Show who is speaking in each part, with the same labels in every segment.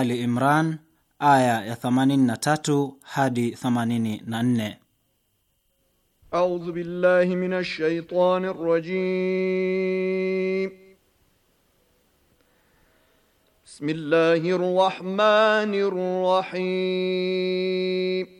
Speaker 1: Ali Imran aya ya 83 hadi 84.
Speaker 2: A'udhu billahi minash shaitanir rajim. Bismillahir rahmanir rahim.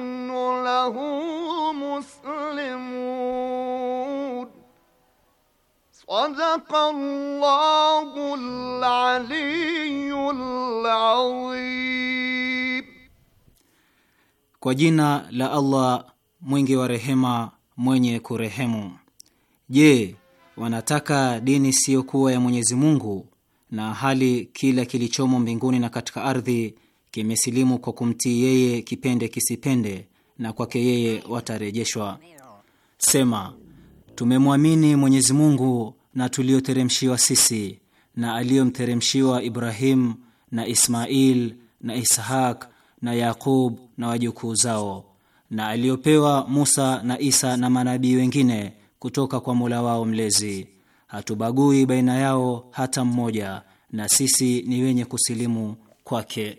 Speaker 2: نحن له مسلمون صدق الله العلي العظيم
Speaker 1: Kwa jina la Allah mwingi wa rehema mwenye kurehemu. Je, wanataka dini kuwa ya Mwenyezi Mungu na hali kila kilichomo mbinguni na katika ardhi kimesilimu kwa kumtii yeye kipende kisipende, na kwake yeye watarejeshwa. Sema, tumemwamini Mwenyezi Mungu na tuliyoteremshiwa sisi na aliyomteremshiwa Ibrahimu na Ismail na Ishaq na Yaqub na wajukuu zao na aliyopewa Musa na Isa na manabii wengine kutoka kwa Mola wao mlezi. Hatubagui baina yao hata mmoja, na sisi ni wenye kusilimu kwake.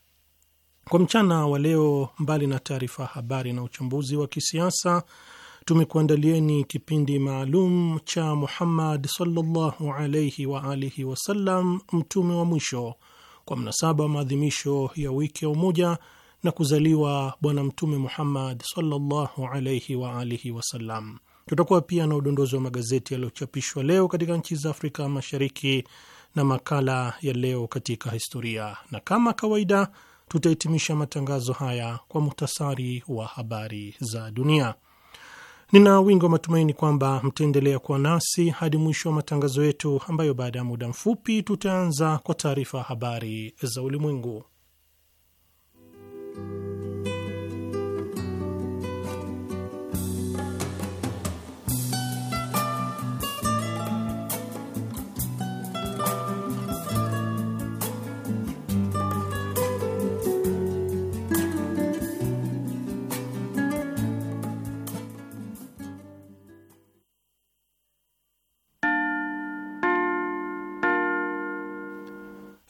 Speaker 3: Kwa mchana wa leo, mbali na taarifa ya habari na uchambuzi wa kisiasa, tumekuandalieni kipindi maalum cha Muhammad sallallahu alaihi wa alihi wasallam, mtume wa mwisho, kwa mnasaba wa maadhimisho ya wiki ya Umoja na kuzaliwa Bwana Mtume Muhammad sallallahu alaihi wa alihi wasallam. Tutakuwa pia na udondozi wa magazeti yaliyochapishwa leo katika nchi za Afrika Mashariki na makala ya leo katika historia, na kama kawaida tutahitimisha matangazo haya kwa muhtasari wa habari za dunia. Nina wingi wa matumaini kwamba mtaendelea kuwa nasi hadi mwisho wa matangazo yetu, ambayo baada ya muda mfupi tutaanza kwa taarifa habari za ulimwengu.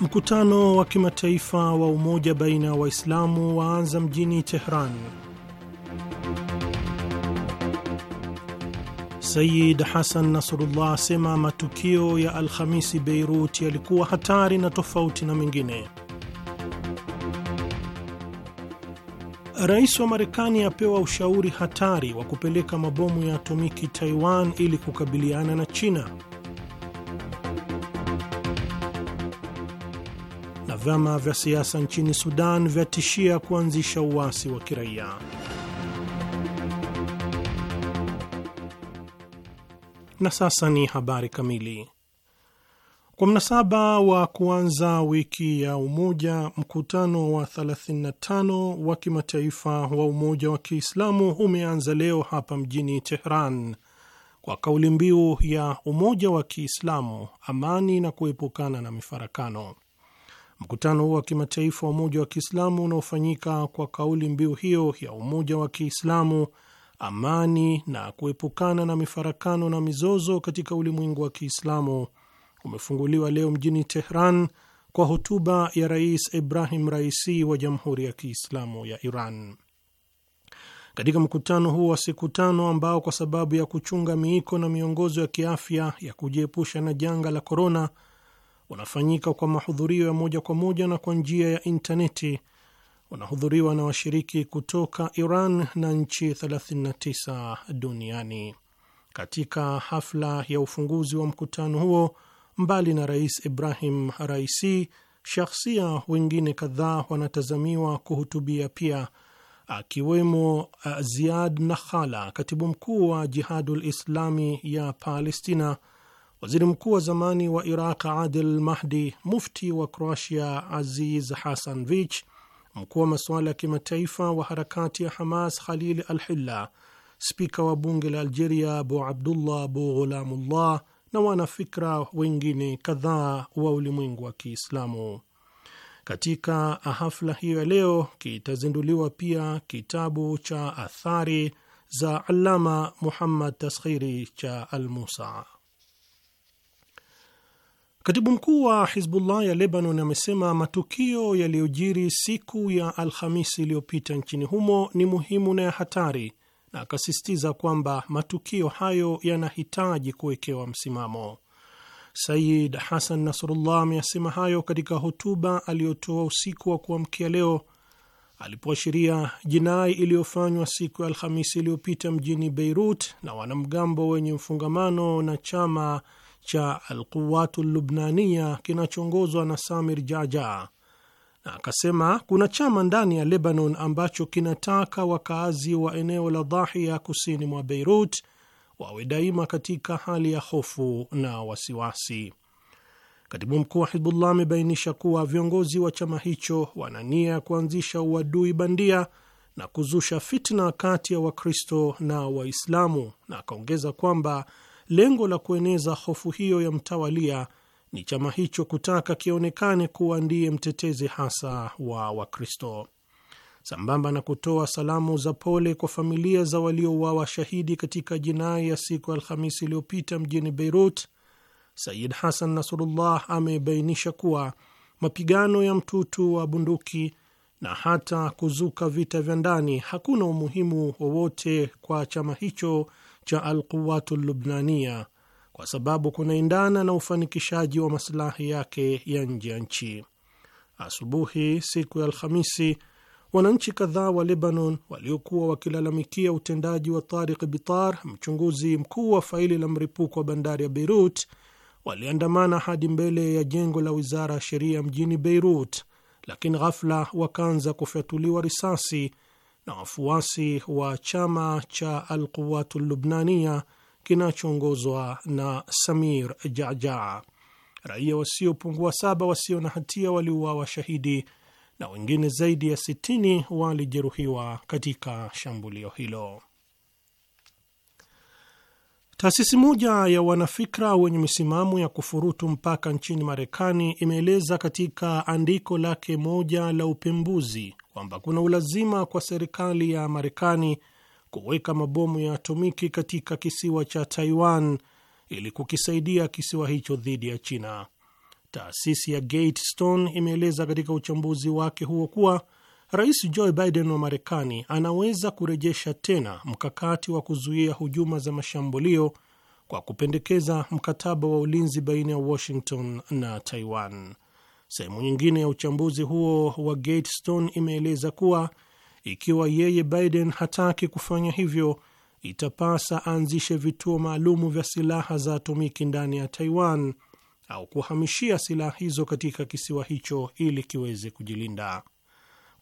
Speaker 3: Mkutano wa kimataifa wa umoja baina ya wa Waislamu waanza mjini Tehran. Sayid Hasan Nasrullah asema matukio ya Alhamisi Beirut yalikuwa hatari na tofauti na mengine. Rais wa Marekani apewa ushauri hatari wa kupeleka mabomu ya atomiki Taiwan ili kukabiliana na China. Vyama vya siasa nchini Sudan vyatishia kuanzisha uasi wa kiraia. Na sasa ni habari kamili. Kwa mnasaba wa kuanza wiki ya Umoja, mkutano wa 35 wa kimataifa wa Umoja wa Kiislamu umeanza leo hapa mjini Tehran kwa kauli mbiu ya Umoja wa Kiislamu, amani na kuepukana na mifarakano. Mkutano huo wa kimataifa wa Umoja wa Kiislamu unaofanyika kwa kauli mbiu hiyo ya umoja wa Kiislamu, amani na kuepukana na mifarakano na mizozo katika ulimwengu wa Kiislamu umefunguliwa leo mjini Tehran kwa hotuba ya Rais Ibrahim Raisi wa Jamhuri ya Kiislamu ya Iran. Katika mkutano huo wa siku tano ambao kwa sababu ya kuchunga miiko na miongozo ya kiafya ya kujiepusha na janga la korona unafanyika kwa mahudhurio ya moja kwa moja na kwa njia ya intaneti. Unahudhuriwa na washiriki kutoka Iran na nchi 39 duniani. Katika hafla ya ufunguzi wa mkutano huo, mbali na Rais Ibrahim Raisi, shakhsia wengine kadhaa wanatazamiwa kuhutubia pia, akiwemo eh, Ziad Nakhala, katibu mkuu wa Jihadul Islami ya Palestina, waziri mkuu wa zamani wa Iraq Adil Mahdi, mufti wa Croatia Aziz Hasan Vich, mkuu wa masuala ya kimataifa wa harakati ya Hamas Khalil Al Hilla, spika wa bunge la Algeria bu Abdullah bu Ghulamullah na wanafikra wengine kadhaa wa ulimwengu wa Kiislamu. Katika hafla hiyo ya leo kitazinduliwa pia kitabu cha athari za alama Muhammad Taskhiri cha Al Musa. Katibu mkuu wa Hizbullah ya Lebanon amesema matukio yaliyojiri siku ya Alhamisi iliyopita nchini humo ni muhimu na ya hatari, na akasisitiza kwamba matukio hayo yanahitaji kuwekewa msimamo. Sayid Hasan Nasrullah ameyasema hayo katika hotuba aliyotoa usiku wa kuamkia leo alipoashiria jinai iliyofanywa siku ya Alhamisi iliyopita mjini Beirut na wanamgambo wenye mfungamano na chama cha Alquwatu Llubnania kinachoongozwa na Samir Jaja, na akasema kuna chama ndani ya Lebanon ambacho kinataka wakaazi wa eneo la Dhahia kusini mwa Beirut wawe daima katika hali ya hofu na wasiwasi. Katibu mkuu wa Hizbullah amebainisha kuwa viongozi wa chama hicho wana nia ya kuanzisha uadui bandia na kuzusha fitna kati ya Wakristo na Waislamu, na akaongeza kwamba lengo la kueneza hofu hiyo ya mtawalia ni chama hicho kutaka kionekane kuwa ndiye mtetezi hasa wa Wakristo. Sambamba na kutoa salamu za pole kwa familia za waliouawa shahidi katika jinai ya siku ya Alhamisi iliyopita mjini Beirut, Sayid Hasan Nasrullah amebainisha kuwa mapigano ya mtutu wa bunduki na hata kuzuka vita vya ndani hakuna umuhimu wowote kwa chama hicho cha Alquwatu Lubnania kwa sababu kunaendana na ufanikishaji wa masilahi yake ya nje ya nchi. Asubuhi siku ya Alhamisi, wananchi kadhaa wa Lebanon waliokuwa wakilalamikia utendaji wa Tariq Bitar, mchunguzi mkuu wa faili la mripuko wa bandari ya Beirut, waliandamana hadi mbele ya jengo la wizara ya sheria mjini Beirut, lakini ghafla wakaanza kufyatuliwa risasi na wafuasi wa chama cha Alquwatu Lubnania kinachoongozwa na Samir Jaja. Raia wasiopungua saba wasio na hatia waliuawa shahidi na wengine zaidi ya 60 walijeruhiwa katika shambulio hilo. Taasisi moja ya wanafikra wenye misimamo ya kufurutu mpaka nchini Marekani imeeleza katika andiko lake moja la upembuzi kwamba kuna ulazima kwa serikali ya Marekani kuweka mabomu ya atomiki katika kisiwa cha Taiwan ili kukisaidia kisiwa hicho dhidi ya China. Taasisi ya Gatestone imeeleza katika uchambuzi wake huo kuwa Rais Joe Biden wa Marekani anaweza kurejesha tena mkakati wa kuzuia hujuma za mashambulio kwa kupendekeza mkataba wa ulinzi baina ya Washington na Taiwan. Sehemu nyingine ya uchambuzi huo wa Gatestone imeeleza kuwa ikiwa yeye Biden hataki kufanya hivyo, itapasa aanzishe vituo maalumu vya silaha za atomiki ndani ya Taiwan au kuhamishia silaha hizo katika kisiwa hicho ili kiweze kujilinda.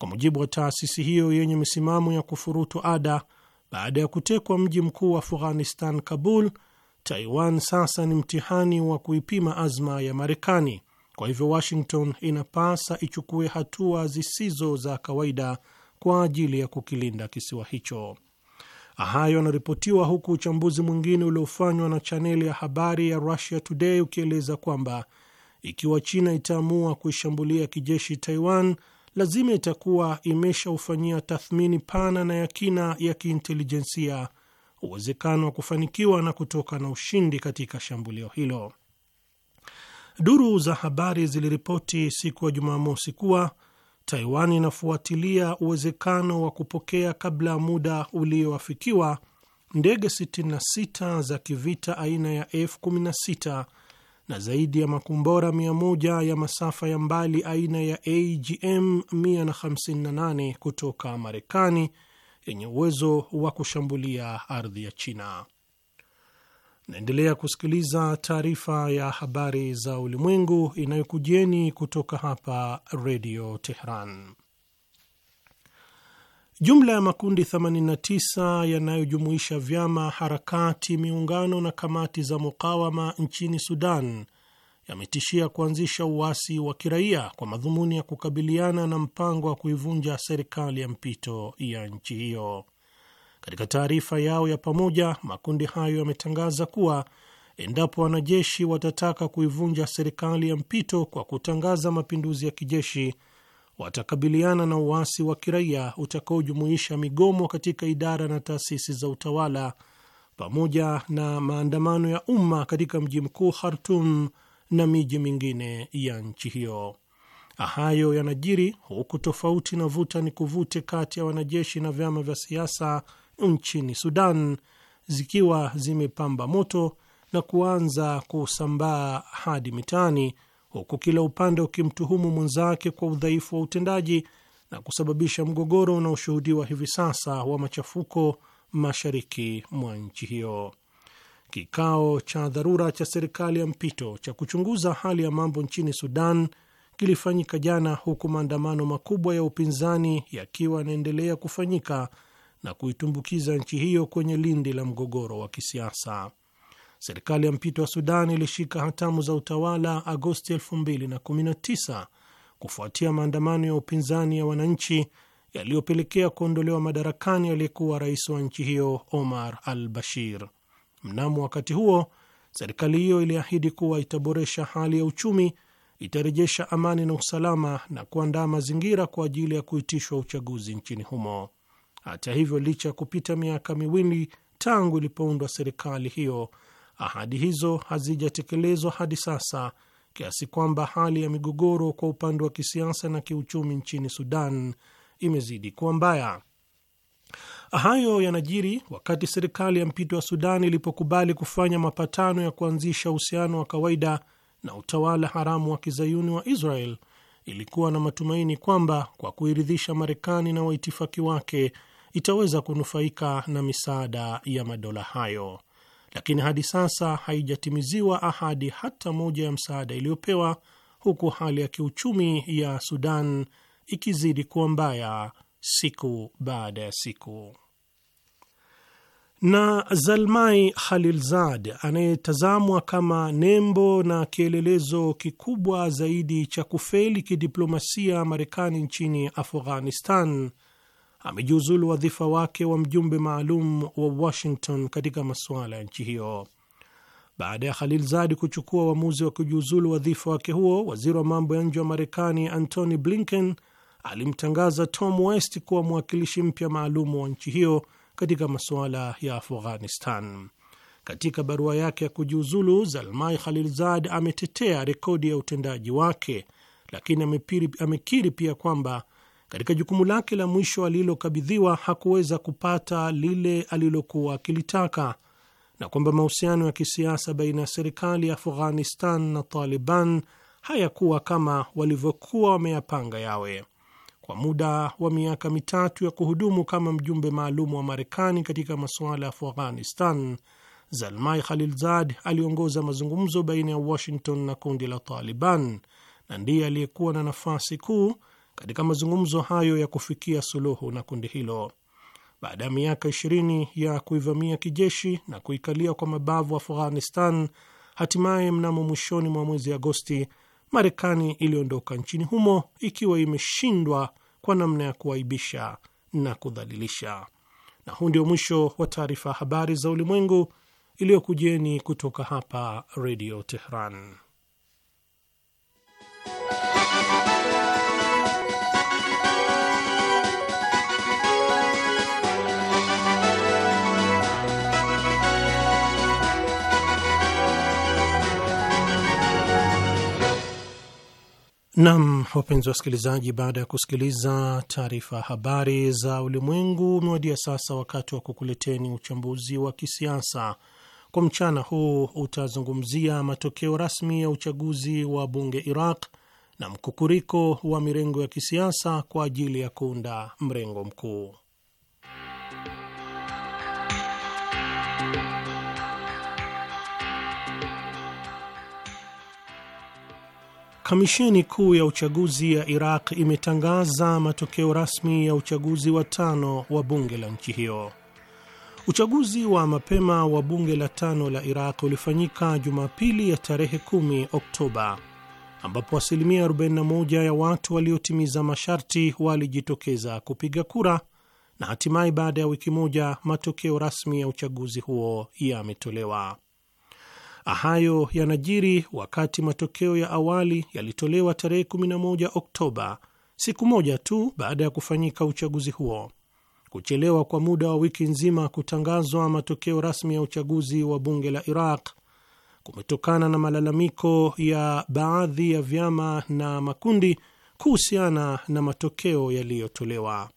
Speaker 3: Kwa mujibu wa taasisi hiyo yenye misimamo ya kufurutu ada, baada ya kutekwa mji mkuu wa Afghanistan, Kabul, Taiwan sasa ni mtihani wa kuipima azma ya Marekani. Kwa hivyo, Washington inapasa ichukue hatua zisizo za kawaida kwa ajili ya kukilinda kisiwa hicho. Hayo anaripotiwa huku uchambuzi mwingine uliofanywa na chaneli ya habari ya Russia Today ukieleza kwamba ikiwa China itaamua kuishambulia kijeshi Taiwan, lazima itakuwa imeshaufanyia tathmini pana na ya kina ya kiintelijensia uwezekano wa kufanikiwa na kutoka na ushindi katika shambulio hilo. Duru za habari ziliripoti siku ya Jumamosi kuwa Taiwan inafuatilia uwezekano wa kupokea kabla ya muda ulioafikiwa ndege 66 za kivita aina ya F16 na zaidi ya makombora 1 ya masafa ya mbali aina ya AGM 158 kutoka Marekani yenye uwezo wa kushambulia ardhi ya China. Naendelea kusikiliza taarifa ya habari za ulimwengu inayokujieni kutoka hapa Redio Tehran. Jumla ya makundi 89 yanayojumuisha vyama, harakati, miungano na kamati za mukawama nchini Sudan yametishia kuanzisha uasi wa kiraia kwa madhumuni ya kukabiliana na mpango wa kuivunja serikali ya mpito ya nchi hiyo. Katika taarifa yao ya pamoja, makundi hayo yametangaza kuwa endapo wanajeshi watataka kuivunja serikali ya mpito kwa kutangaza mapinduzi ya kijeshi watakabiliana na uasi wa kiraia utakaojumuisha migomo katika idara na taasisi za utawala pamoja na maandamano ya umma katika mji mkuu khartum na miji mingine ya nchi hiyo. Hayo yanajiri huku tofauti na vuta ni kuvute kati ya wanajeshi na vyama vya siasa nchini Sudan zikiwa zimepamba moto na kuanza kusambaa hadi mitaani huku kila upande ukimtuhumu mwenzake kwa udhaifu wa utendaji na kusababisha mgogoro unaoshuhudiwa hivi sasa wa machafuko mashariki mwa nchi hiyo. Kikao cha dharura cha serikali ya mpito cha kuchunguza hali ya mambo nchini Sudan kilifanyika jana, huku maandamano makubwa ya upinzani yakiwa yanaendelea kufanyika na kuitumbukiza nchi hiyo kwenye lindi la mgogoro wa kisiasa. Serikali ya mpito wa Sudan ilishika hatamu za utawala Agosti 2019 kufuatia maandamano ya upinzani ya wananchi yaliyopelekea kuondolewa madarakani aliyekuwa rais wa nchi hiyo Omar al Bashir. Mnamo wakati huo, serikali hiyo iliahidi kuwa itaboresha hali ya uchumi, itarejesha amani na usalama na kuandaa mazingira kwa ajili ya kuitishwa uchaguzi nchini humo. Hata hivyo, licha ya kupita miaka miwili tangu ilipoundwa serikali hiyo ahadi hizo hazijatekelezwa hadi sasa, kiasi kwamba hali ya migogoro kwa upande wa kisiasa na kiuchumi nchini Sudan imezidi kuwa mbaya. Hayo yanajiri wakati serikali ya mpito wa Sudan ilipokubali kufanya mapatano ya kuanzisha uhusiano wa kawaida na utawala haramu wa kizayuni wa Israel. Ilikuwa na matumaini kwamba kwa kuiridhisha Marekani na waitifaki wake itaweza kunufaika na misaada ya madola hayo lakini hadi sasa haijatimiziwa ahadi hata moja ya msaada iliyopewa, huku hali ya kiuchumi ya Sudan ikizidi kuwa mbaya siku baada ya siku. Na Zalmai Khalilzad anayetazamwa kama nembo na kielelezo kikubwa zaidi cha kufeli kidiplomasia Marekani nchini Afghanistan amejiuzulu wadhifa wake wa mjumbe maalum wa Washington katika masuala ya nchi hiyo. Baada ya Zadi kuchukua uamuzi wa kujiuzulu wadhifa wake huo, waziri wa mambo ya nje wa Marekani Antony Blinken alimtangaza Tom West kuwa mwakilishi mpya maalum wa nchi hiyo katika masuala ya Afghanistan. Katika barua yake ya kujiuzulu, Zalmai Khalilzad ametetea rekodi ya utendaji wake, lakini amekiri pia kwamba katika jukumu lake la mwisho alilokabidhiwa hakuweza kupata lile alilokuwa akilitaka, na kwamba mahusiano ya kisiasa baina ya serikali ya Afghanistan na Taliban hayakuwa kama walivyokuwa wameyapanga yawe. Kwa muda wa miaka mitatu ya kuhudumu kama mjumbe maalum wa Marekani katika masuala ya Afghanistan, Zalmai Khalilzad aliongoza mazungumzo baina ya Washington na kundi la Taliban na ndiye aliyekuwa na nafasi kuu katika mazungumzo hayo ya kufikia suluhu na kundi hilo. Baada ya miaka 20 ya kuivamia kijeshi na kuikalia kwa mabavu Afghanistan, hatimaye mnamo mwishoni mwa mwezi Agosti, Marekani iliondoka nchini humo ikiwa imeshindwa kwa namna ya kuaibisha na kudhalilisha. Na huu ndio mwisho wa taarifa ya habari za ulimwengu iliyokujeni kutoka hapa Redio Tehran. Nam, wapenzi wasikilizaji, baada ya kusikiliza taarifa ya habari za ulimwengu, umewadia sasa wakati wa kukuleteni uchambuzi wa kisiasa kwa mchana huu. Utazungumzia matokeo rasmi ya uchaguzi wa bunge Iraq na mkukuriko wa mirengo ya kisiasa kwa ajili ya kuunda mrengo mkuu. Kamisheni Kuu ya Uchaguzi ya Iraq imetangaza matokeo rasmi ya uchaguzi wa tano wa bunge la nchi hiyo. Uchaguzi wa mapema wa bunge la tano la Iraq ulifanyika Jumapili ya tarehe 10 Oktoba, ambapo asilimia 41 ya watu waliotimiza masharti walijitokeza kupiga kura, na hatimaye baada ya wiki moja matokeo rasmi ya uchaguzi huo yametolewa. Hayo yanajiri wakati matokeo ya awali yalitolewa tarehe 11 Oktoba, siku moja tu baada ya kufanyika uchaguzi huo. Kuchelewa kwa muda wa wiki nzima kutangazwa matokeo rasmi ya uchaguzi wa bunge la Iraq kumetokana na malalamiko ya baadhi ya vyama na makundi kuhusiana na matokeo yaliyotolewa.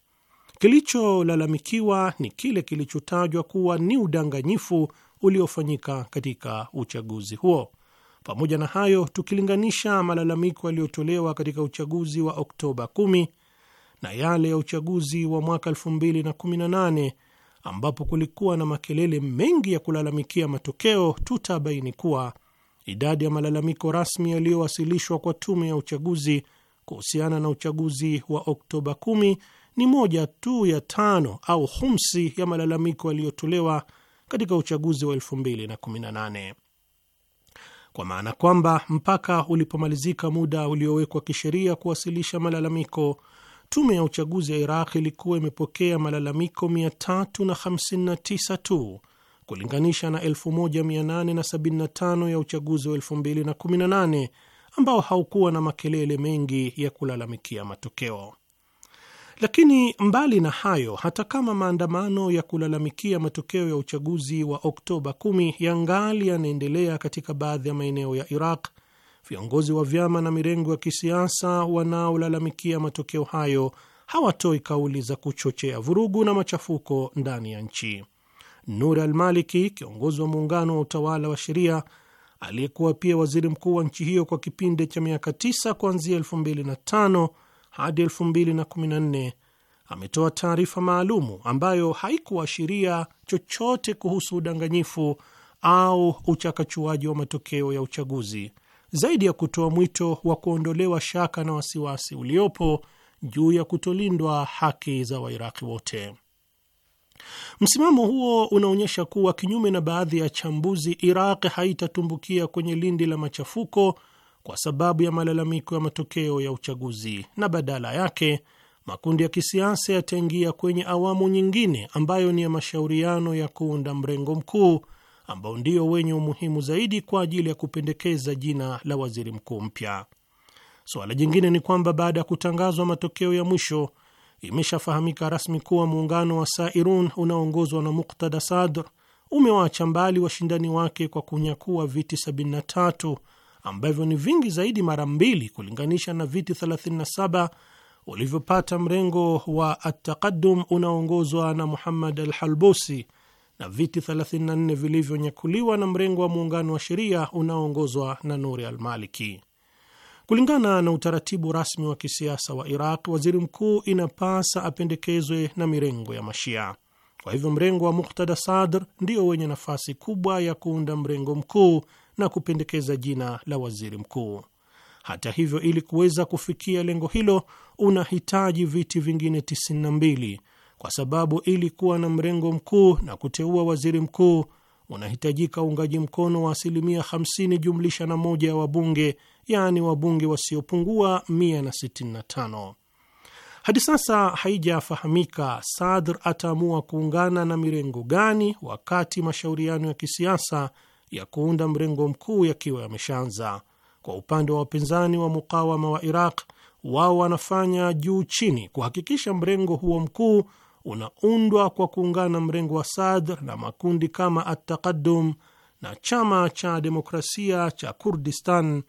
Speaker 3: Kilicholalamikiwa ni kile kilichotajwa kuwa ni udanganyifu uliofanyika katika uchaguzi huo. Pamoja na hayo, tukilinganisha malalamiko yaliyotolewa katika uchaguzi wa Oktoba 10 na yale ya uchaguzi wa mwaka 2018 ambapo kulikuwa na makelele mengi ya kulalamikia matokeo, tutabaini kuwa idadi ya malalamiko rasmi yaliyowasilishwa kwa tume ya uchaguzi kuhusiana na uchaguzi wa Oktoba 10 ni moja tu ya tano au humsi ya malalamiko yaliyotolewa katika uchaguzi wa 2018 kwa maana kwamba mpaka ulipomalizika muda uliowekwa kisheria kuwasilisha malalamiko, tume ya uchaguzi ya Iraq ilikuwa imepokea malalamiko 359 tu kulinganisha na 1875 ya uchaguzi wa 2018 ambao haukuwa na makelele mengi ya kulalamikia matokeo. Lakini mbali na hayo, hata kama maandamano ya kulalamikia matokeo ya uchaguzi wa Oktoba 10 yangali yanaendelea katika baadhi ya maeneo ya Iraq, viongozi wa vyama na mirengo ya kisiasa wanaolalamikia matokeo hayo hawatoi kauli za kuchochea vurugu na machafuko ndani ya nchi. Nur al-Maliki, kiongozi wa muungano wa utawala wa sheria aliyekuwa pia waziri mkuu wa nchi hiyo kwa kipindi cha miaka 9 kuanzia 2005 hadi 2014 ametoa taarifa maalumu ambayo haikuashiria chochote kuhusu udanganyifu au uchakachuaji wa matokeo ya uchaguzi zaidi ya kutoa mwito wa kuondolewa shaka na wasiwasi uliopo juu ya kutolindwa haki za Wairaqi wote. Msimamo huo unaonyesha kuwa kinyume na baadhi ya chambuzi, Iraq haitatumbukia kwenye lindi la machafuko kwa sababu ya malalamiko ya matokeo ya uchaguzi, na badala yake makundi ya kisiasa yataingia kwenye awamu nyingine ambayo ni ya mashauriano ya kuunda mrengo mkuu ambao ndio wenye umuhimu zaidi kwa ajili ya kupendekeza jina la waziri mkuu mpya. Suala jingine ni kwamba baada ya kutangazwa matokeo ya mwisho, imeshafahamika rasmi kuwa muungano wa Sairun unaoongozwa na Muktada Sadr umewaacha mbali washindani wake kwa kunyakua viti 73 ambavyo ni vingi zaidi mara mbili kulinganisha na viti 37 ulivyopata mrengo wa Ataqadum unaoongozwa na Muhammad al Halbusi na viti 34 vilivyonyakuliwa na mrengo wa muungano wa sheria unaoongozwa na Nuri al Maliki. Kulingana na utaratibu rasmi wa kisiasa wa Iraq, waziri mkuu inapasa apendekezwe na mirengo ya Mashia. Kwa hivyo mrengo wa Muktada Sadr ndio wenye nafasi kubwa ya kuunda mrengo mkuu na kupendekeza jina la waziri mkuu. Hata hivyo, ili kuweza kufikia lengo hilo unahitaji viti vingine 92 kwa sababu ili kuwa na mrengo mkuu na kuteua waziri mkuu unahitajika uungaji mkono wa asilimia 50 jumlisha na moja ya wabunge, yaani wabunge wasiopungua 165. Hadi sasa haijafahamika Sadr ataamua kuungana na mirengo gani wakati mashauriano ya kisiasa ya kuunda mrengo mkuu yakiwa yameshaanza. Kwa upande wa wapinzani wa mukawama wa Iraq, wao wanafanya juu chini kuhakikisha mrengo huo mkuu unaundwa kwa kuungana mrengo wa Sadr na makundi kama Ataqadum na chama cha demokrasia cha Kurdistan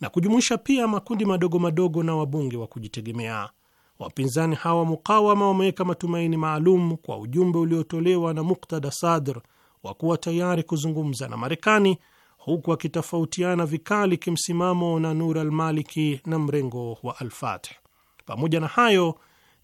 Speaker 3: na kujumuisha pia makundi madogo madogo na wabunge wa kujitegemea. Wapinzani hawa mukawama wameweka matumaini maalum kwa ujumbe uliotolewa na Muktada Sadr wa kuwa tayari kuzungumza na Marekani huku akitofautiana vikali kimsimamo na Nur al-Maliki na mrengo wa al Pamoja na hayo,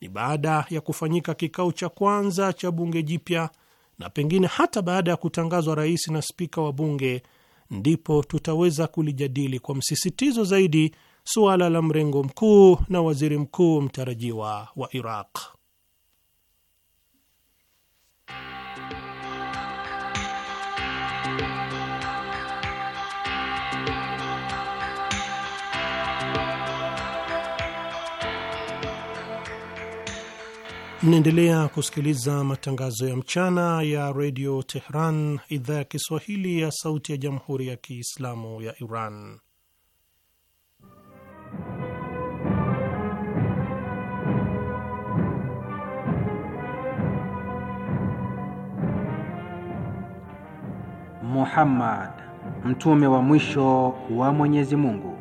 Speaker 3: ni baada ya kufanyika kikao cha kwanza cha bunge jipya na pengine hata baada ya kutangazwa rais na spika wa bunge ndipo tutaweza kulijadili kwa msisitizo zaidi suala la mrengo mkuu na waziri mkuu mtarajiwa wa Iraq. Mnaendelea kusikiliza matangazo ya mchana ya redio Tehran, idhaa ya Kiswahili ya sauti ya jamhuri ya Kiislamu ya Iran.
Speaker 1: Muhammad, mtume wa mwisho wa Mwenyezi Mungu.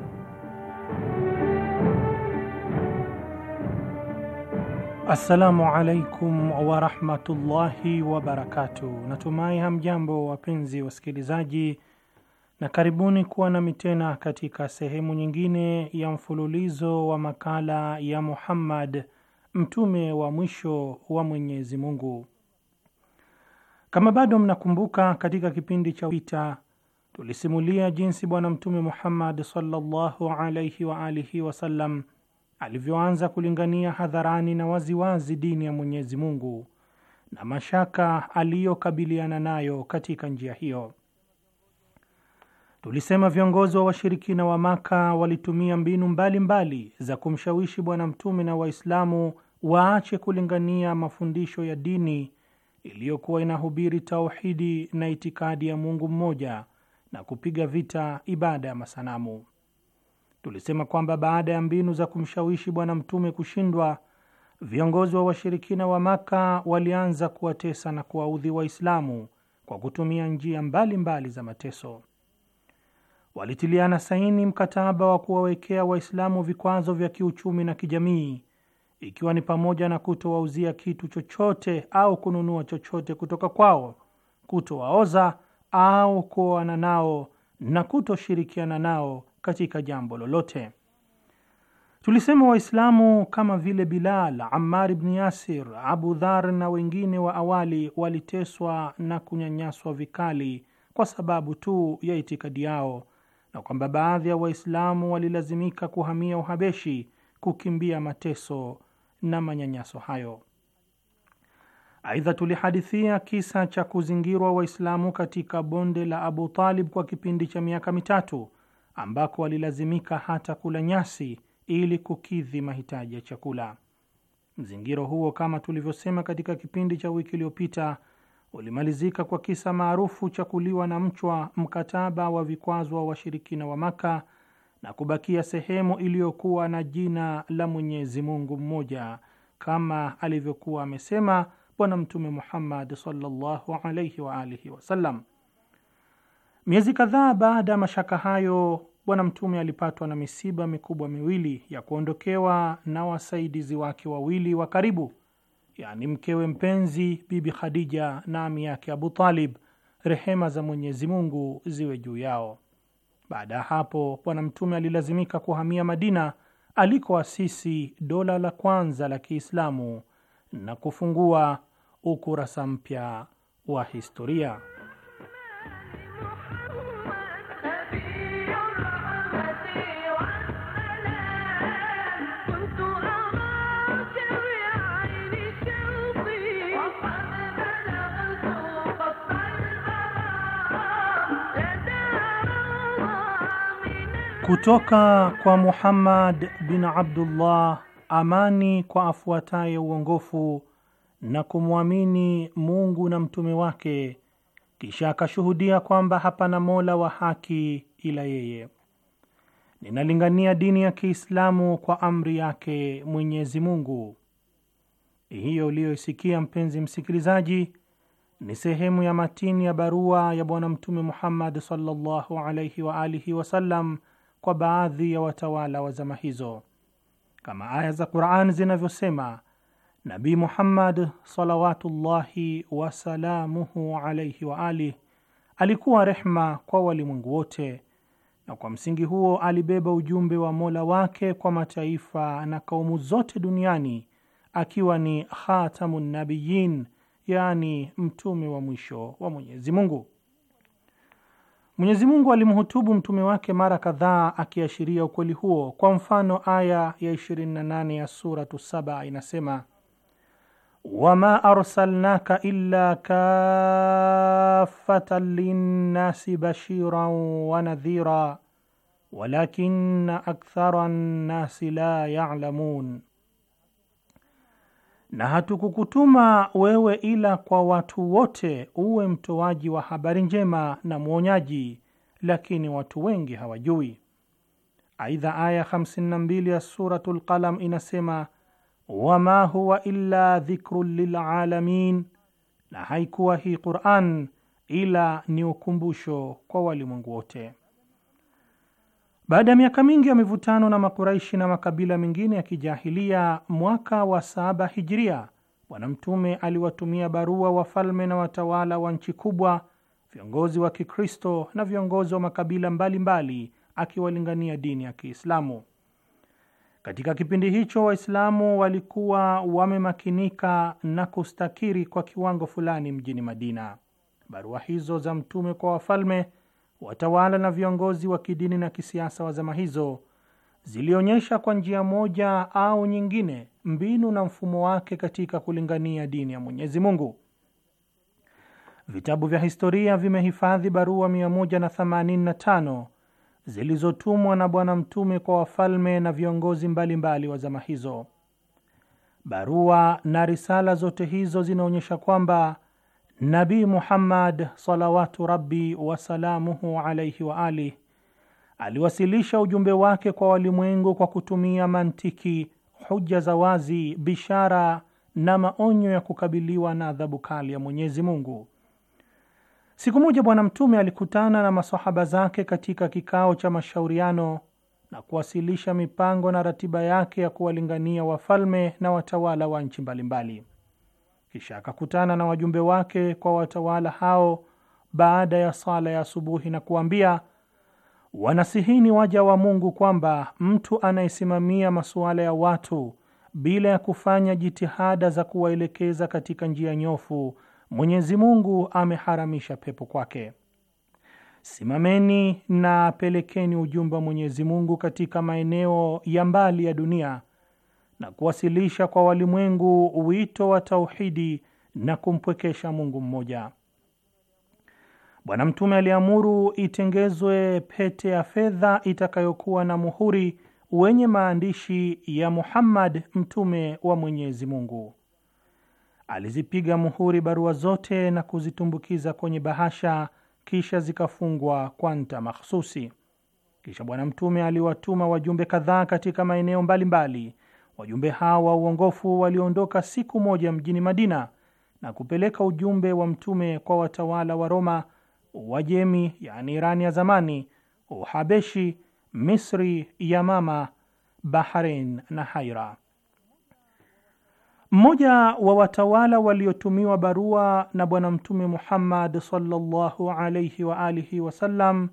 Speaker 3: Assalamu alaikum warahmatullahi wabarakatu Natumai hamjambo wapenzi wasikilizaji, na karibuni kuwa nami tena katika sehemu nyingine ya mfululizo wa makala ya Muhammad mtume wa mwisho wa Mwenyezi Mungu. Kama bado mnakumbuka, katika kipindi cha pita tulisimulia jinsi Bwana Mtume Muhammad sallallahu alaihi wa alihi wasallam alivyoanza kulingania hadharani na waziwazi dini ya Mwenyezi Mungu na mashaka aliyokabiliana nayo katika njia hiyo. Tulisema viongozi wa washirikina wa Maka walitumia mbinu mbalimbali mbali za kumshawishi Bwana Mtume na Waislamu waache kulingania mafundisho ya dini iliyokuwa inahubiri tauhidi na itikadi ya Mungu mmoja na kupiga vita ibada ya masanamu. Tulisema kwamba baada ya mbinu za kumshawishi Bwana Mtume kushindwa, viongozi wa washirikina wa Maka walianza kuwatesa na kuwaudhi Waislamu kwa kutumia njia mbalimbali mbali za mateso. Walitiliana saini mkataba wa kuwawekea Waislamu vikwazo vya kiuchumi na kijamii, ikiwa ni pamoja na kutowauzia kitu chochote au kununua chochote kutoka kwao, kutowaoza au kuoana nao na kutoshirikiana nao katika jambo lolote. Tulisema Waislamu kama vile Bilal, Ammar ibn Yasir, Abu Dhar na wengine wa awali waliteswa na kunyanyaswa vikali kwa sababu tu ya itikadi yao, na kwamba baadhi ya Waislamu walilazimika kuhamia Uhabeshi kukimbia mateso na manyanyaso hayo. Aidha, tulihadithia kisa cha kuzingirwa Waislamu katika bonde la Abu Talib kwa kipindi cha miaka mitatu ambako walilazimika hata kula nyasi ili kukidhi mahitaji ya chakula. Mzingiro huo, kama tulivyosema katika kipindi cha wiki iliyopita, ulimalizika kwa kisa maarufu cha kuliwa na mchwa mkataba wa vikwazo wa washirikina wa Maka na kubakia sehemu iliyokuwa na jina la Mwenyezi Mungu mmoja kama alivyokuwa amesema Bwana Mtume Muhammad sallallahu alayhi wa alihi wasallam. Miezi kadhaa baada ya mashaka hayo, Bwana Mtume alipatwa na misiba mikubwa miwili ya kuondokewa na wasaidizi wake wawili wa karibu, yaani mkewe mpenzi Bibi Khadija na ami yake Abu Talib, rehema za Mwenyezi Mungu ziwe juu yao. Baada ya hapo, Bwana Mtume alilazimika kuhamia Madina alikoasisi dola la kwanza la Kiislamu na kufungua ukurasa mpya wa historia. Kutoka kwa Muhammad bin Abdullah, amani kwa afuataye uongofu na kumwamini Mungu na mtume wake, kisha akashuhudia kwamba hapana mola wa haki ila yeye. Ninalingania dini ya Kiislamu kwa amri yake Mwenyezi Mungu. Hiyo uliyoisikia mpenzi msikilizaji, ni sehemu ya matini ya barua ya Bwana Mtume Muhammad sallallahu alaihi wa alihi wasallam kwa baadhi ya watawala wa zama hizo, kama aya za Quran zinavyosema. Nabi Muhammad salawatullahi wasalamuhu alaihi wa alih alikuwa rehma kwa walimwengu wote, na kwa msingi huo alibeba ujumbe wa mola wake kwa mataifa na kaumu zote duniani akiwa ni khatamu nabiyin, yani mtume wa mwisho wa Mwenyezi Mungu. Mwenyezi Mungu alimhutubu mtume wake mara kadhaa akiashiria ukweli huo. Kwa mfano, aya ya 28 ya suratu Saba inasema wama arsalnaka illa kaffatan linnasi bashiran wa nadhira walakinna akthara nasi la ya'lamun, na hatukukutuma wewe ila kwa watu wote uwe mtoaji wa habari njema na mwonyaji, lakini watu wengi hawajui. Aidha, aya 52 ya Suratul Qalam inasema wama huwa illa dhikrun lilalamin, na haikuwa hii Quran ila ni ukumbusho kwa walimwengu wote. Baada ya miaka mingi ya mivutano na Makuraishi na makabila mengine ya kijahilia, mwaka wa saba Hijria, Bwana Mtume aliwatumia barua wafalme na watawala wa nchi kubwa, viongozi wa Kikristo na viongozi wa makabila mbalimbali, akiwalingania dini ya Kiislamu. Katika kipindi hicho Waislamu walikuwa wamemakinika na kustakiri kwa kiwango fulani mjini Madina. Barua hizo za Mtume kwa wafalme watawala na viongozi wa kidini na kisiasa wa zama hizo zilionyesha kwa njia moja au nyingine mbinu na mfumo wake katika kulingania dini ya Mwenyezi Mungu. Vitabu vya historia vimehifadhi barua 185 zilizotumwa na Bwana Mtume kwa wafalme na viongozi mbalimbali mbali wa zama hizo. Barua na risala zote hizo zinaonyesha kwamba Nabi Muhammad salawatu rabbi wasalamuhu alaihi wa ali aliwasilisha ujumbe wake kwa walimwengu kwa kutumia mantiki, huja za wazi, bishara na maonyo ya kukabiliwa na adhabu kali ya Mwenyezi Mungu. Siku moja Bwana Mtume alikutana na masahaba zake katika kikao cha mashauriano na kuwasilisha mipango na ratiba yake ya kuwalingania wafalme na watawala wa nchi mbalimbali. Kisha akakutana na wajumbe wake kwa watawala hao baada ya sala ya asubuhi na kuambia, wanasihini waja wa Mungu kwamba mtu anayesimamia masuala ya watu bila ya kufanya jitihada za kuwaelekeza katika njia nyofu, Mwenyezi Mungu ameharamisha pepo kwake. Simameni na pelekeni ujumbe wa Mwenyezi Mungu katika maeneo ya mbali ya dunia na kuwasilisha kwa walimwengu wito wa tauhidi na kumpwekesha Mungu mmoja. Bwana Mtume aliamuru itengezwe pete ya fedha itakayokuwa na muhuri wenye maandishi ya Muhammad, mtume wa Mwenyezi Mungu. Alizipiga muhuri barua zote na kuzitumbukiza kwenye bahasha, kisha zikafungwa kwa nta mahsusi. Kisha Bwana Mtume aliwatuma wajumbe kadhaa katika maeneo mbalimbali Wajumbe hawa wa uongofu waliondoka siku moja mjini Madina na kupeleka ujumbe wa mtume kwa watawala wa Roma, Uajemi yaani Irani ya zamani, Uhabeshi, Misri, ya mama Bahrain na Haira. Mmoja wa watawala waliotumiwa barua na Bwana Mtume Muhammad sallallahu alaihi wa alihi wasallam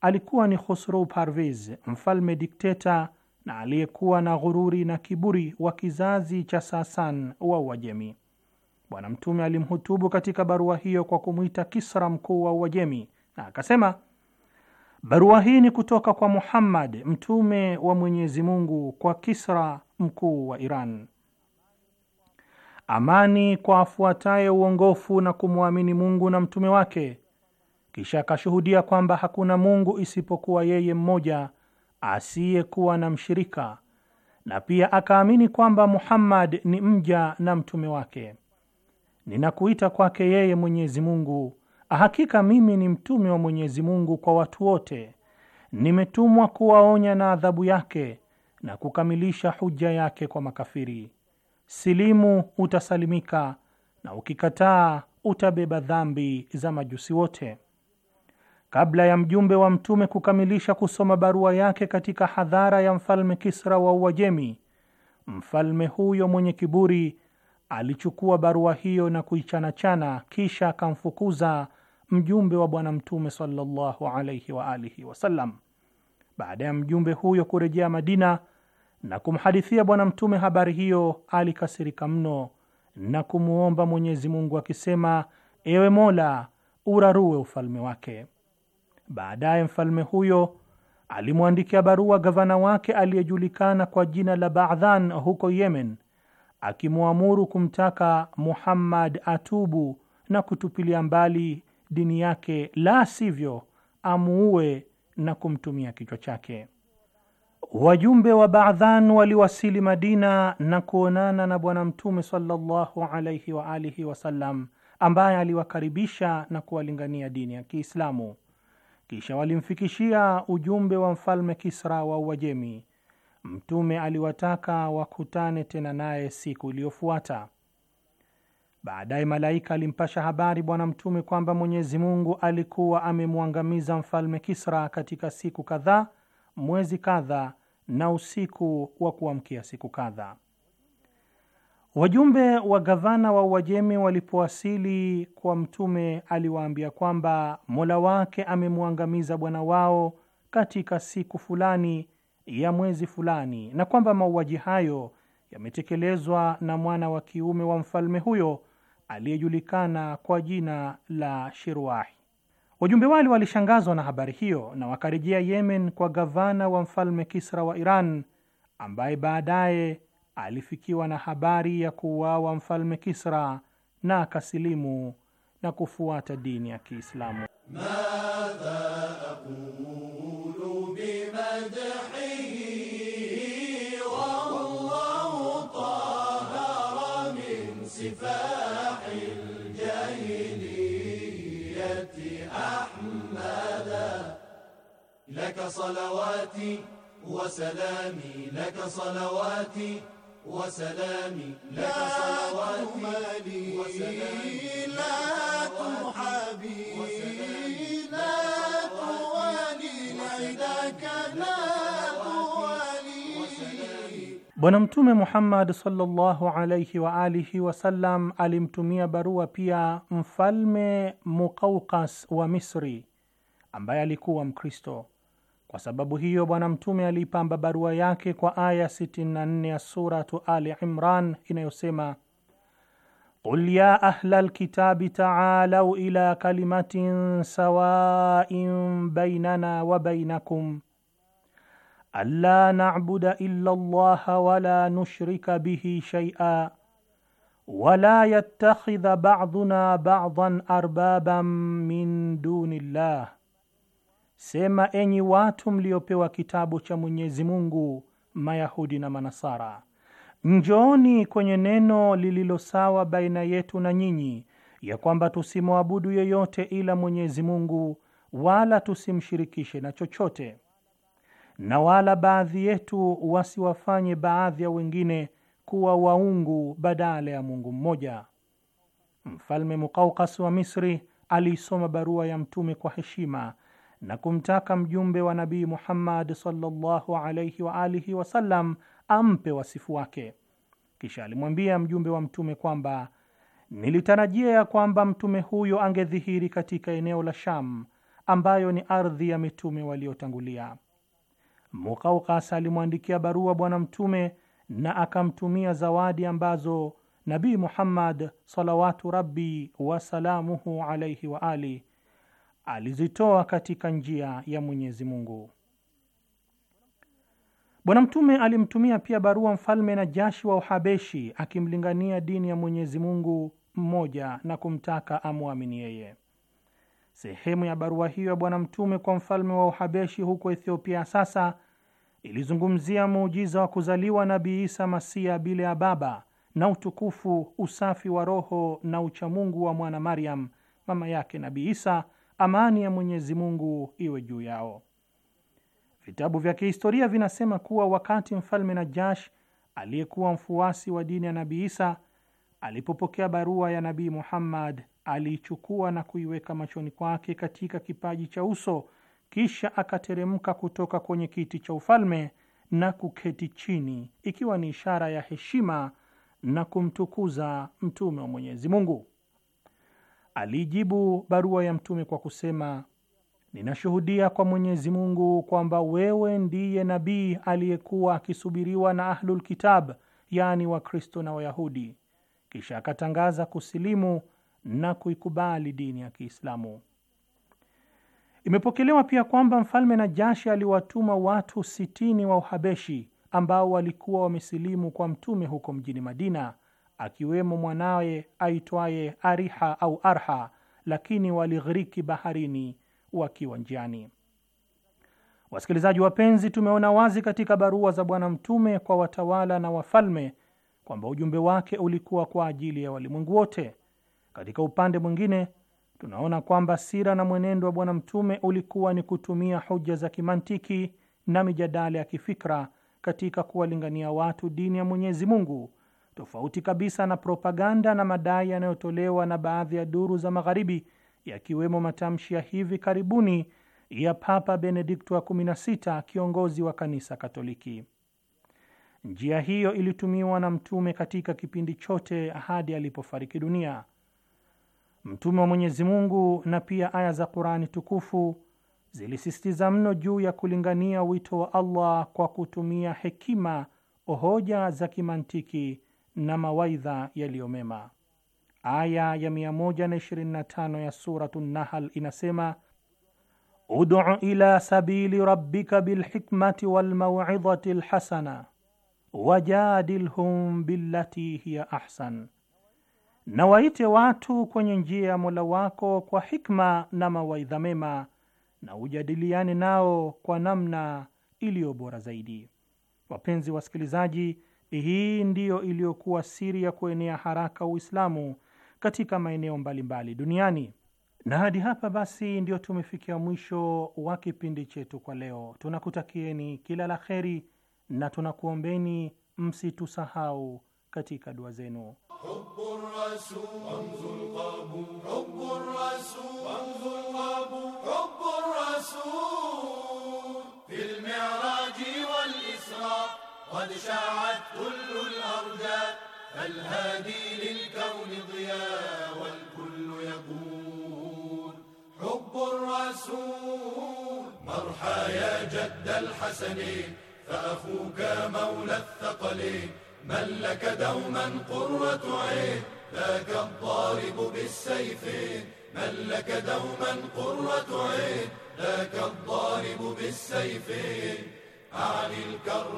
Speaker 3: alikuwa ni Khusru Parviz, mfalme dikteta na aliyekuwa na ghururi na kiburi wa kizazi cha Sasan wa Uajemi. Bwana Mtume alimhutubu katika barua hiyo kwa kumwita Kisra mkuu wa Uajemi, na akasema barua hii ni kutoka kwa Muhammad mtume wa Mwenyezi Mungu kwa Kisra mkuu wa Iran. Amani kwa afuataye uongofu na kumwamini Mungu na mtume wake, kisha akashuhudia kwamba hakuna Mungu isipokuwa yeye mmoja asiyekuwa na mshirika, na pia akaamini kwamba Muhammad ni mja na mtume wake. Ninakuita kwake yeye Mwenyezi Mungu, hakika mimi ni mtume wa Mwenyezi Mungu kwa watu wote, nimetumwa kuwaonya na adhabu yake na kukamilisha huja yake kwa makafiri. Silimu utasalimika, na ukikataa utabeba dhambi za majusi wote. Kabla ya mjumbe wa mtume kukamilisha kusoma barua yake katika hadhara ya mfalme Kisra wa Uajemi, mfalme huyo mwenye kiburi alichukua barua hiyo na kuichanachana, kisha akamfukuza mjumbe wa Bwana Mtume sallallahu alayhi wa alihi wasallam. Baada ya mjumbe huyo kurejea Madina na kumhadithia Bwana Mtume habari hiyo, alikasirika mno na kumwomba Mwenyezi Mungu akisema, ewe Mola, urarue ufalme wake. Baadaye mfalme huyo alimwandikia barua gavana wake aliyejulikana kwa jina la Baadhan huko Yemen, akimwamuru kumtaka Muhammad atubu na kutupilia mbali dini yake, la sivyo amuue na kumtumia kichwa chake. Wajumbe wa Baadhan waliwasili Madina na kuonana na Bwana Mtume sallallahu alaihi wa alihi wasallam, ambaye aliwakaribisha na kuwalingania dini ya Kiislamu. Kisha walimfikishia ujumbe wa mfalme Kisra wa Uajemi. Mtume aliwataka wakutane tena naye siku iliyofuata. Baadaye malaika alimpasha habari Bwana Mtume kwamba Mwenyezi Mungu alikuwa amemwangamiza mfalme Kisra katika siku kadhaa, mwezi kadhaa na usiku wa kuamkia siku kadhaa. Wajumbe wa gavana wa Uajemi walipowasili kwa Mtume, aliwaambia kwamba mola wake amemwangamiza bwana wao katika siku fulani ya mwezi fulani, na kwamba mauaji hayo yametekelezwa na mwana wa kiume wa mfalme huyo aliyejulikana kwa jina la Shirwahi. Wajumbe wale walishangazwa na habari hiyo na wakarejea Yemen kwa gavana wa mfalme Kisra wa Iran ambaye baadaye alifikiwa na habari ya kuuawa mfalme Kisra na akasilimu na kufuata dini ya Kiislamu.
Speaker 4: Laka salawati wa salami, laka salawati وسلامي لا صلواتي وسلامي لا تحابي لا توالي لعداك لا
Speaker 3: Bwana Mtume Muhammad sallallahu alayhi wa alihi wasallam alimtumia barua pia mfalme Muqauqas wa Misri ambaye alikuwa Mkristo. Kwa sababu hiyo Bwana Mtume aliipamba barua yake kwa aya 64 ya Suratu Ali Imran inayosema Qul ya ahla lkitabi taalau ila kalimatin sawain bainana wa bainakum alla nabuda illa allaha wala nushrika bihi shaia wala yattakhidha baduna badan arbaban min duni llah Sema, enyi watu mliopewa kitabu cha Mwenyezi Mungu, Mayahudi na Manasara, njooni kwenye neno lililo sawa baina yetu na nyinyi, ya kwamba tusimwabudu yeyote ila Mwenyezi Mungu, wala tusimshirikishe na chochote, na wala baadhi yetu wasiwafanye baadhi ya wengine kuwa waungu badala ya Mungu mmoja. Mfalme mukaukasi wa Misri aliisoma barua ya mtume kwa heshima na kumtaka mjumbe wa Nabii Muhammad sallallahu alayhi wa alihi wasallam ampe wasifu wake. Kisha alimwambia mjumbe wa mtume kwamba nilitarajia kwamba mtume huyo angedhihiri katika eneo la Sham ambayo ni ardhi ya mitume waliotangulia. Mukaukas alimwandikia barua Bwana Mtume na akamtumia zawadi ambazo Nabii Muhammad salawatu rabbi wasalamuhu alaihi wa ali alizitoa katika njia ya Mwenyezi Mungu. Bwana Mtume alimtumia pia barua mfalme na jashi wa Uhabeshi akimlingania dini ya Mwenyezi Mungu mmoja na kumtaka amwamini yeye. Sehemu ya barua hiyo ya Bwana Mtume kwa mfalme wa Uhabeshi huko Ethiopia sasa ilizungumzia muujiza wa kuzaliwa Nabii Isa Masia bila ya baba na utukufu, usafi wa roho na uchamungu wa mwana Maryam mama yake Nabii Isa amani ya Mwenyezi Mungu iwe juu yao. Vitabu vya kihistoria vinasema kuwa wakati mfalme Najash aliyekuwa mfuasi wa dini ya Nabii Isa alipopokea barua ya Nabii Muhammad aliichukua na kuiweka machoni kwake katika kipaji cha uso, kisha akateremka kutoka kwenye kiti cha ufalme na kuketi chini, ikiwa ni ishara ya heshima na kumtukuza mtume wa Mwenyezi Mungu alijibu barua ya mtume kwa kusema, ninashuhudia kwa Mwenyezi Mungu kwamba wewe ndiye nabii aliyekuwa akisubiriwa na Ahlul Kitab, yaani Wakristo na Wayahudi, kisha akatangaza kusilimu na kuikubali dini ya Kiislamu. Imepokelewa pia kwamba mfalme Najashi aliwatuma watu sitini wa Uhabeshi ambao walikuwa wamesilimu kwa mtume huko mjini Madina akiwemo mwanawe aitwaye Ariha au Arha, lakini walighiriki baharini wakiwa njiani. Wasikilizaji wapenzi, tumeona wazi katika barua za Bwana Mtume kwa watawala na wafalme kwamba ujumbe wake ulikuwa kwa ajili ya walimwengu wote. Katika upande mwingine, tunaona kwamba sira na mwenendo wa Bwana Mtume ulikuwa ni kutumia hoja za kimantiki na mijadala ya kifikra katika kuwalingania watu dini ya Mwenyezi Mungu tofauti kabisa na propaganda na madai yanayotolewa na baadhi ya duru za Magharibi, yakiwemo matamshi ya hivi karibuni ya Papa Benedikto wa 16 kiongozi wa kanisa Katoliki. Njia hiyo ilitumiwa na mtume katika kipindi chote hadi alipofariki dunia. Mtume wa Mwenyezi Mungu na pia aya za Qurani tukufu zilisisitiza mno juu ya kulingania wito wa Allah kwa kutumia hekima, hoja za kimantiki na mawaidha yaliyomema. Aya ya 125 ya Suratu Nahal inasema: udu ila sabili rabbika bilhikmati walmawidhati lhasana wajadilhum billati hiya ahsan, na waite watu kwenye njia ya Mola wako kwa hikma na mawaidha mema, na ujadiliane nao kwa namna iliyo bora zaidi. Wapenzi wasikilizaji hii ndiyo iliyokuwa siri ya kuenea haraka Uislamu katika maeneo mbalimbali duniani. Na hadi hapa basi ndio tumefikia mwisho wa kipindi chetu kwa leo. Tunakutakieni kila la kheri na tunakuombeni msitusahau katika dua zenu.
Speaker 4: قد شاعت كل الأرجاء فالهادي للكون ضياء والكل يقول حب الرسول مرحى يا جد الحسن فأخوك مولى الثقلين من لك دوما قرة عين ذاك الضارب بالسيفين من لك دوما قرة عين ذاك الضارب بالسيفين عن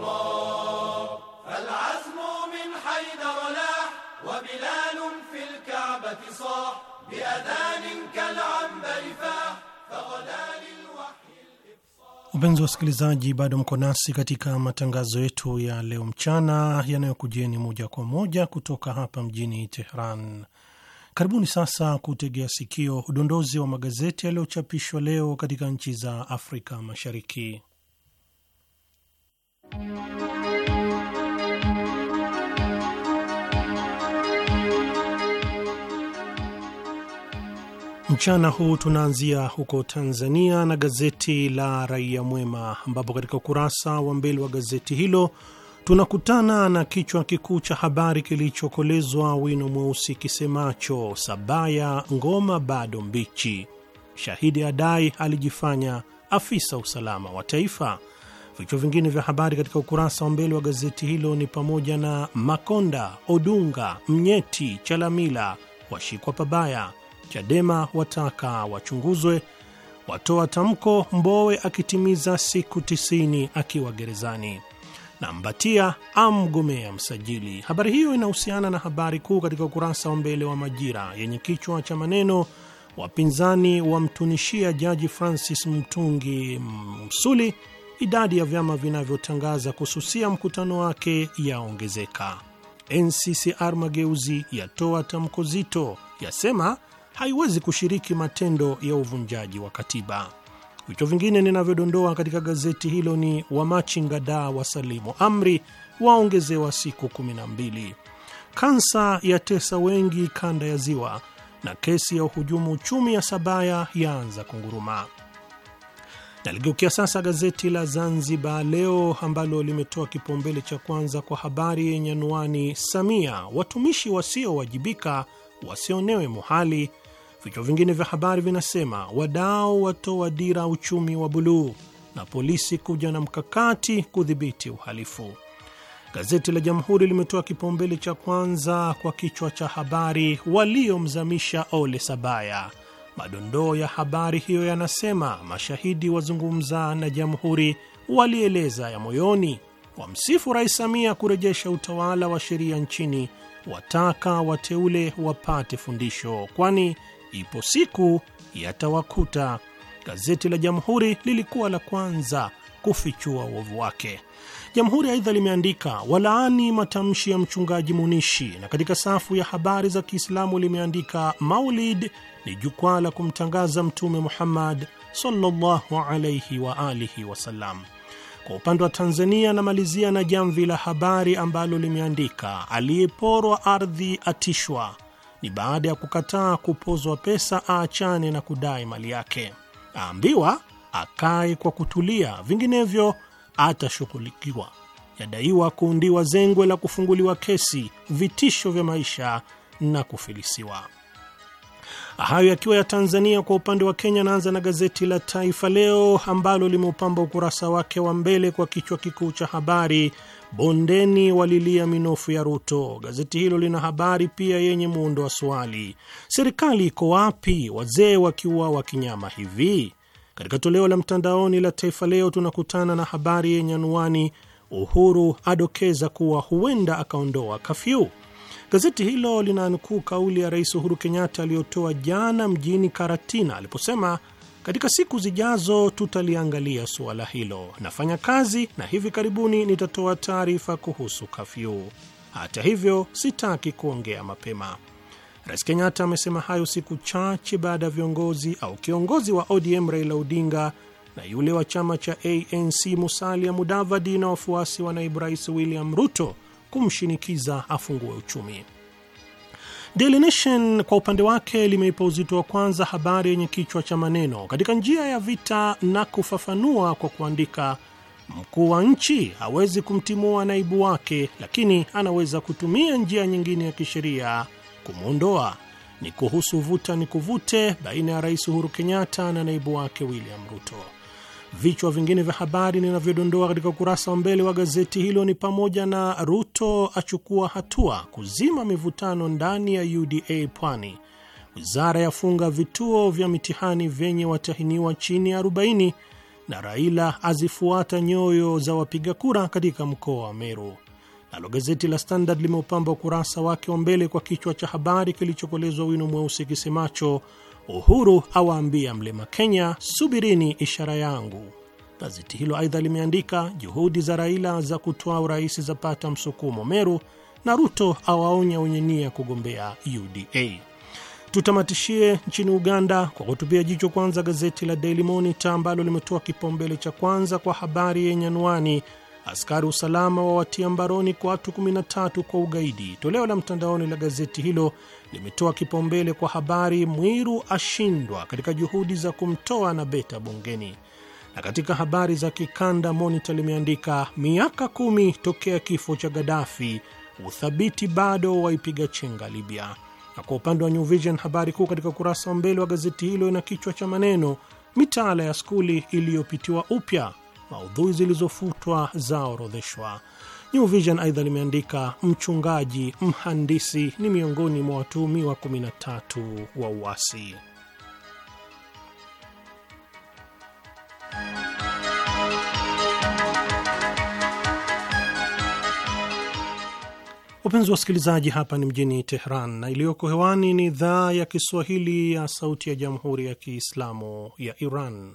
Speaker 4: wa فالعزم من حيدر لاح وبلال في الكعبة صاح بأذان كالعنبر فاح فغدا
Speaker 3: Wapenzi wasikilizaji, bado mko nasi katika matangazo yetu ya leo mchana yanayokujieni moja kwa moja kutoka hapa mjini Teheran. Karibuni sasa kutegea sikio udondozi wa magazeti yaliyochapishwa leo katika nchi za Afrika Mashariki. Mchana huu tunaanzia huko Tanzania na gazeti la Raia Mwema, ambapo katika ukurasa wa mbele wa gazeti hilo tunakutana na kichwa kikuu cha habari kilichokolezwa wino mweusi kisemacho Sabaya ngoma bado mbichi, shahidi adai alijifanya afisa usalama wa taifa. Vichwa vingine vya habari katika ukurasa wa mbele wa gazeti hilo ni pamoja na Makonda, Odunga, Mnyeti, Chalamila washikwa pabaya, Chadema wataka wachunguzwe, watoa tamko, Mbowe akitimiza siku 90 akiwa gerezani na Mbatia amgomea msajili. Habari hiyo inahusiana na habari kuu katika ukurasa wa mbele wa Majira yenye kichwa cha maneno wapinzani wamtunishia Jaji Francis Mtungi msuli idadi ya vyama vinavyotangaza kususia mkutano wake yaongezeka. NCCR Mageuzi yatoa tamko zito, yasema haiwezi kushiriki matendo ya uvunjaji wa katiba. Vichwa vingine ninavyodondoa katika gazeti hilo ni wamachinga da wasalimu amri, waongezewa siku 12, kansa ya tesa wengi kanda ya Ziwa, na kesi ya uhujumu uchumi ya Sabaya yaanza kunguruma. Naligeukia sasa gazeti la Zanzibar Leo ambalo limetoa kipaumbele cha kwanza kwa habari yenye anwani Samia, watumishi wasiowajibika wasionewe muhali. Vichwa vingine vya habari vinasema wadau watoa dira uchumi wa buluu na polisi kuja na mkakati kudhibiti uhalifu. Gazeti la Jamhuri limetoa kipaumbele cha kwanza kwa kichwa cha habari waliomzamisha Ole Sabaya Madondoo ya habari hiyo yanasema mashahidi wazungumza na Jamhuri walieleza ya moyoni, wamsifu Rais Samia kurejesha utawala wa sheria nchini, wataka wateule wapate fundisho, kwani ipo siku yatawakuta. Gazeti la Jamhuri lilikuwa la kwanza kufichua uovu wake. Jamhuri aidha limeandika walaani matamshi ya mchungaji Munishi, na katika safu ya habari za Kiislamu limeandika Maulid ni jukwaa la kumtangaza Mtume Muhammad sallallahu wa alihi wasallam. Kwa upande wa Tanzania, namalizia na jamvi la habari ambalo limeandika aliyeporwa ardhi atishwa, ni baada ya kukataa kupozwa pesa aachane na kudai mali yake, aambiwa akae kwa kutulia, vinginevyo atashughulikiwa. Yadaiwa kuundiwa zengwe la kufunguliwa kesi, vitisho vya maisha na kufilisiwa. Hayo yakiwa ya Tanzania. Kwa upande wa Kenya, naanza na gazeti la Taifa Leo ambalo limeupamba ukurasa wake wa mbele kwa kichwa kikuu cha habari, bondeni walilia minofu ya Ruto. Gazeti hilo lina habari pia yenye muundo wa swali, serikali iko wapi wazee wa kinyama hivi? Katika toleo la mtandaoni la Taifa Leo tunakutana na habari yenye anwani, Uhuru adokeza kuwa huenda akaondoa kafyu. Gazeti hilo linanukuu kauli ya Rais Uhuru Kenyatta aliyotoa jana mjini Karatina aliposema katika siku zijazo tutaliangalia suala hilo. Nafanya kazi na hivi karibuni nitatoa taarifa kuhusu kafyu. Hata hivyo, sitaki kuongea mapema. Rais Kenyatta amesema hayo siku chache baada ya viongozi au kiongozi wa ODM Raila Odinga na yule wa chama cha ANC Musalia Mudavadi na wafuasi wa naibu rais William Ruto kumshinikiza afungue uchumi. Daily Nation kwa upande wake limeipa uzito wa kwanza habari yenye kichwa cha maneno katika njia ya vita na kufafanua kwa kuandika, mkuu wa nchi hawezi kumtimua naibu wake, lakini anaweza kutumia njia nyingine ya kisheria kumwondoa. Ni kuhusu vuta ni kuvute baina ya Rais Uhuru Kenyatta na naibu wake William Ruto. Vichwa vingine vya habari ninavyodondoa katika ukurasa wa mbele wa gazeti hilo ni pamoja na Ruto achukua hatua kuzima mivutano ndani ya UDA Pwani, wizara yafunga vituo vya mitihani vyenye watahiniwa chini ya 40 na Raila azifuata nyoyo za wapiga kura katika mkoa wa Meru. Nalo gazeti la Standard limeupamba ukurasa wake wa mbele kwa kichwa cha habari kilichokolezwa wino mweusi kisemacho Uhuru awaambia mlima Kenya, subirini ishara yangu. Gazeti hilo aidha limeandika juhudi za Raila za kutoa urais zapata msukumo Meru, na Ruto awaonya wenye nia kugombea UDA. Tutamatishie nchini Uganda kwa kutupia jicho kwanza gazeti la Daily Monitor ambalo limetoa kipaumbele cha kwanza kwa habari yenye anwani askari usalama wawatia mbaroni kwa watu 13 kwa ugaidi. Toleo la mtandaoni la gazeti hilo limetoa kipaumbele kwa habari Mwiru ashindwa katika juhudi za kumtoa na beta bungeni. Na katika habari za kikanda Monita limeandika miaka kumi tokea kifo cha Gaddafi, uthabiti bado waipiga chenga Libya. Na kwa upande wa New Vision, habari kuu katika ukurasa wa mbele wa gazeti hilo ina kichwa cha maneno mitaala ya skuli iliyopitiwa upya, maudhui zilizofutwa zaorodheshwa. New Vision aidha limeandika mchungaji mhandisi ni miongoni mwa watuhumiwa 13 wa uasi. Wapenzi wa wasikilizaji, hapa ni mjini Tehran na iliyoko hewani ni idhaa ya Kiswahili ya Sauti ya Jamhuri ya Kiislamu ya Iran.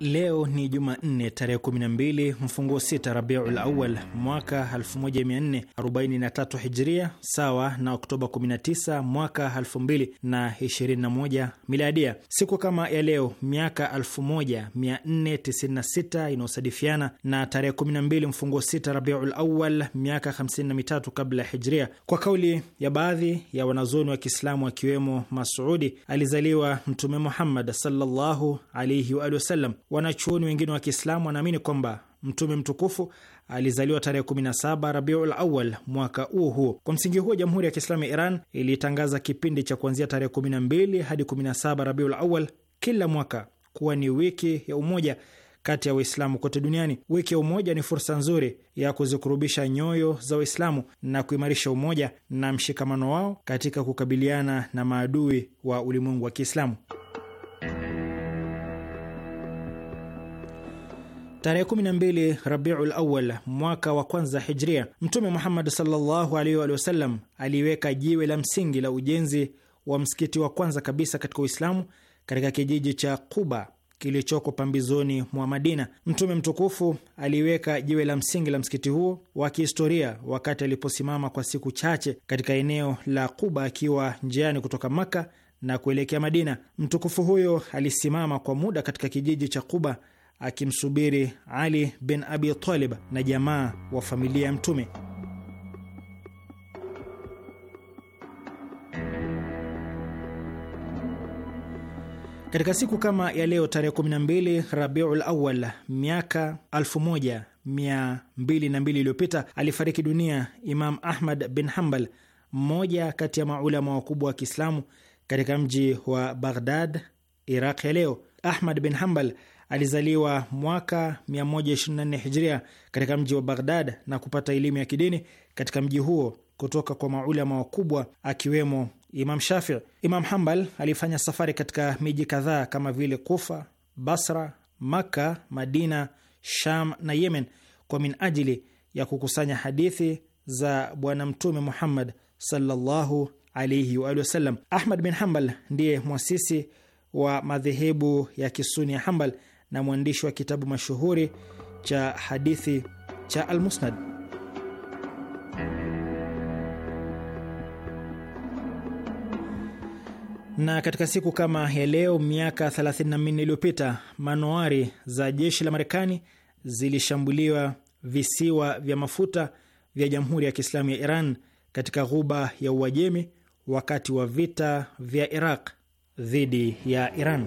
Speaker 5: Leo ni Jumanne tarehe 12 mfungo 6 Rabiul Awal mwaka 1443 Hijria, sawa na Oktoba 19 mwaka 2021 Miladia. Siku kama ya leo miaka 1496 inayosadifiana na tarehe 12 mfungo 6 Rabiul Awal, miaka 53 kabla ya Hijria, kwa kauli ya baadhi ya wanazoni wa Kiislamu akiwemo Masudi, alizaliwa Mtume Muhammad sallallahu alayhi wa sallam. Wanachuoni wengine wa Kiislamu wanaamini kwamba Mtume mtukufu alizaliwa tarehe 17 Rabiul Awal mwaka huo huo. Kwa msingi huo, Jamhuri ya Kiislamu ya Iran ilitangaza kipindi cha kuanzia tarehe 12 hadi 17 Rabiul Awal kila mwaka kuwa ni wiki ya umoja kati ya Waislamu kote duniani. Wiki ya umoja ni fursa nzuri ya kuzikurubisha nyoyo za Waislamu na kuimarisha umoja na mshikamano wao katika kukabiliana na maadui wa ulimwengu wa Kiislamu. Tarehe 12 Rabiul Awal mwaka wa kwanza Hijria, Mtume Muhammad sallallahu alaihi wa sallam aliweka jiwe la msingi la ujenzi wa msikiti wa kwanza kabisa katika Uislamu katika kijiji cha Quba kilichoko pambizoni mwa Madina. Mtume mtukufu aliweka jiwe la msingi la msikiti huo wa kihistoria wakati aliposimama kwa siku chache katika eneo la Quba akiwa njiani kutoka Makka na kuelekea Madina. Mtukufu huyo alisimama kwa muda katika kijiji cha Quba akimsubiri Ali bin Abi Talib na jamaa wa familia ya Mtume. Katika siku kama ya leo tarehe 12 Rabiul Awal miaka 1202 iliyopita alifariki dunia Imam Ahmad bin Hanbal, mmoja kati ya maulama wakubwa wa Kiislamu katika mji wa Baghdad, Iraq ya leo. Ahmad bin Hanbal Alizaliwa mwaka 124 hijria katika mji wa Baghdad na kupata elimu ya kidini katika mji huo kutoka kwa maulama wakubwa akiwemo Imam Shafii. Imam Hambal alifanya safari katika miji kadhaa kama vile Kufa, Basra, Makka, Madina, Sham na Yemen kwa minajili ya kukusanya hadithi za Bwana Mtume Muhammad sallallahu alaihi wa alihi wasallam. Ahmad bin Hambal ndiye mwasisi wa madhehebu ya kisuni ya Hambal na mwandishi wa kitabu mashuhuri cha hadithi cha Almusnad. Na katika siku kama ya leo miaka 34 iliyopita manowari za jeshi la Marekani zilishambuliwa visiwa vya mafuta vya Jamhuri ya Kiislamu ya Iran katika ghuba ya Uajemi wakati wa vita vya Iraq dhidi ya Iran.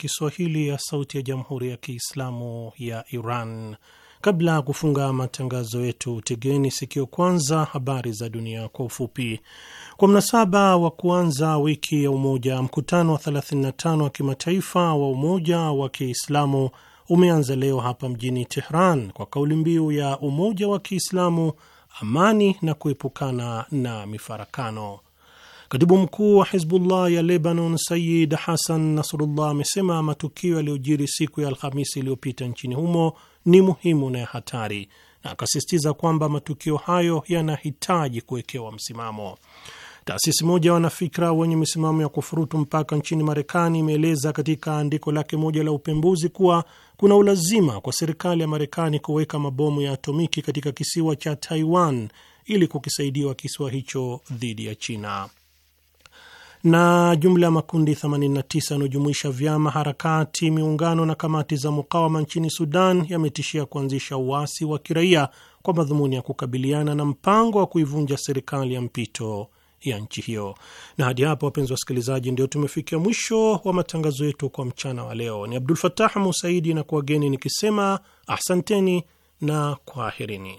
Speaker 3: Kiswahili ya Sauti ya Jamhuri ya Kiislamu ya Iran. Kabla ya kufunga matangazo yetu, tegeni sikio kwanza habari za dunia kwa ufupi. Kwa mnasaba wa kuanza wiki ya umoja, mkutano wa 35 wa kimataifa wa umoja wa Kiislamu umeanza leo hapa mjini Tehran kwa kauli mbiu ya umoja wa Kiislamu, amani na kuepukana na mifarakano. Katibu mkuu wa Hizbullah ya Lebanon Sayid Hasan Nasrullah amesema matukio yaliyojiri siku ya Alhamisi iliyopita nchini humo ni muhimu na ya hatari, na akasisitiza kwamba matukio hayo yanahitaji kuwekewa msimamo. Taasisi moja ya wanafikra wenye misimamo ya kufurutu mpaka nchini Marekani imeeleza katika andiko lake moja la upembuzi kuwa kuna ulazima kwa serikali ya Marekani kuweka mabomu ya atomiki katika kisiwa cha Taiwan ili kukisaidiwa kisiwa hicho dhidi ya China na jumla ya makundi 89 yanayojumuisha vyama, harakati, miungano na kamati za mukawama nchini Sudan yametishia kuanzisha uasi wa kiraia kwa madhumuni ya kukabiliana na mpango wa kuivunja serikali ya mpito ya nchi hiyo. Na hadi hapo wapenzi wasikilizaji, ndio tumefikia mwisho wa matangazo yetu kwa mchana wa leo. Ni Abdul Fatah Musaidi na kuwageni nikisema asanteni na kwaherini.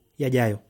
Speaker 5: yajayo.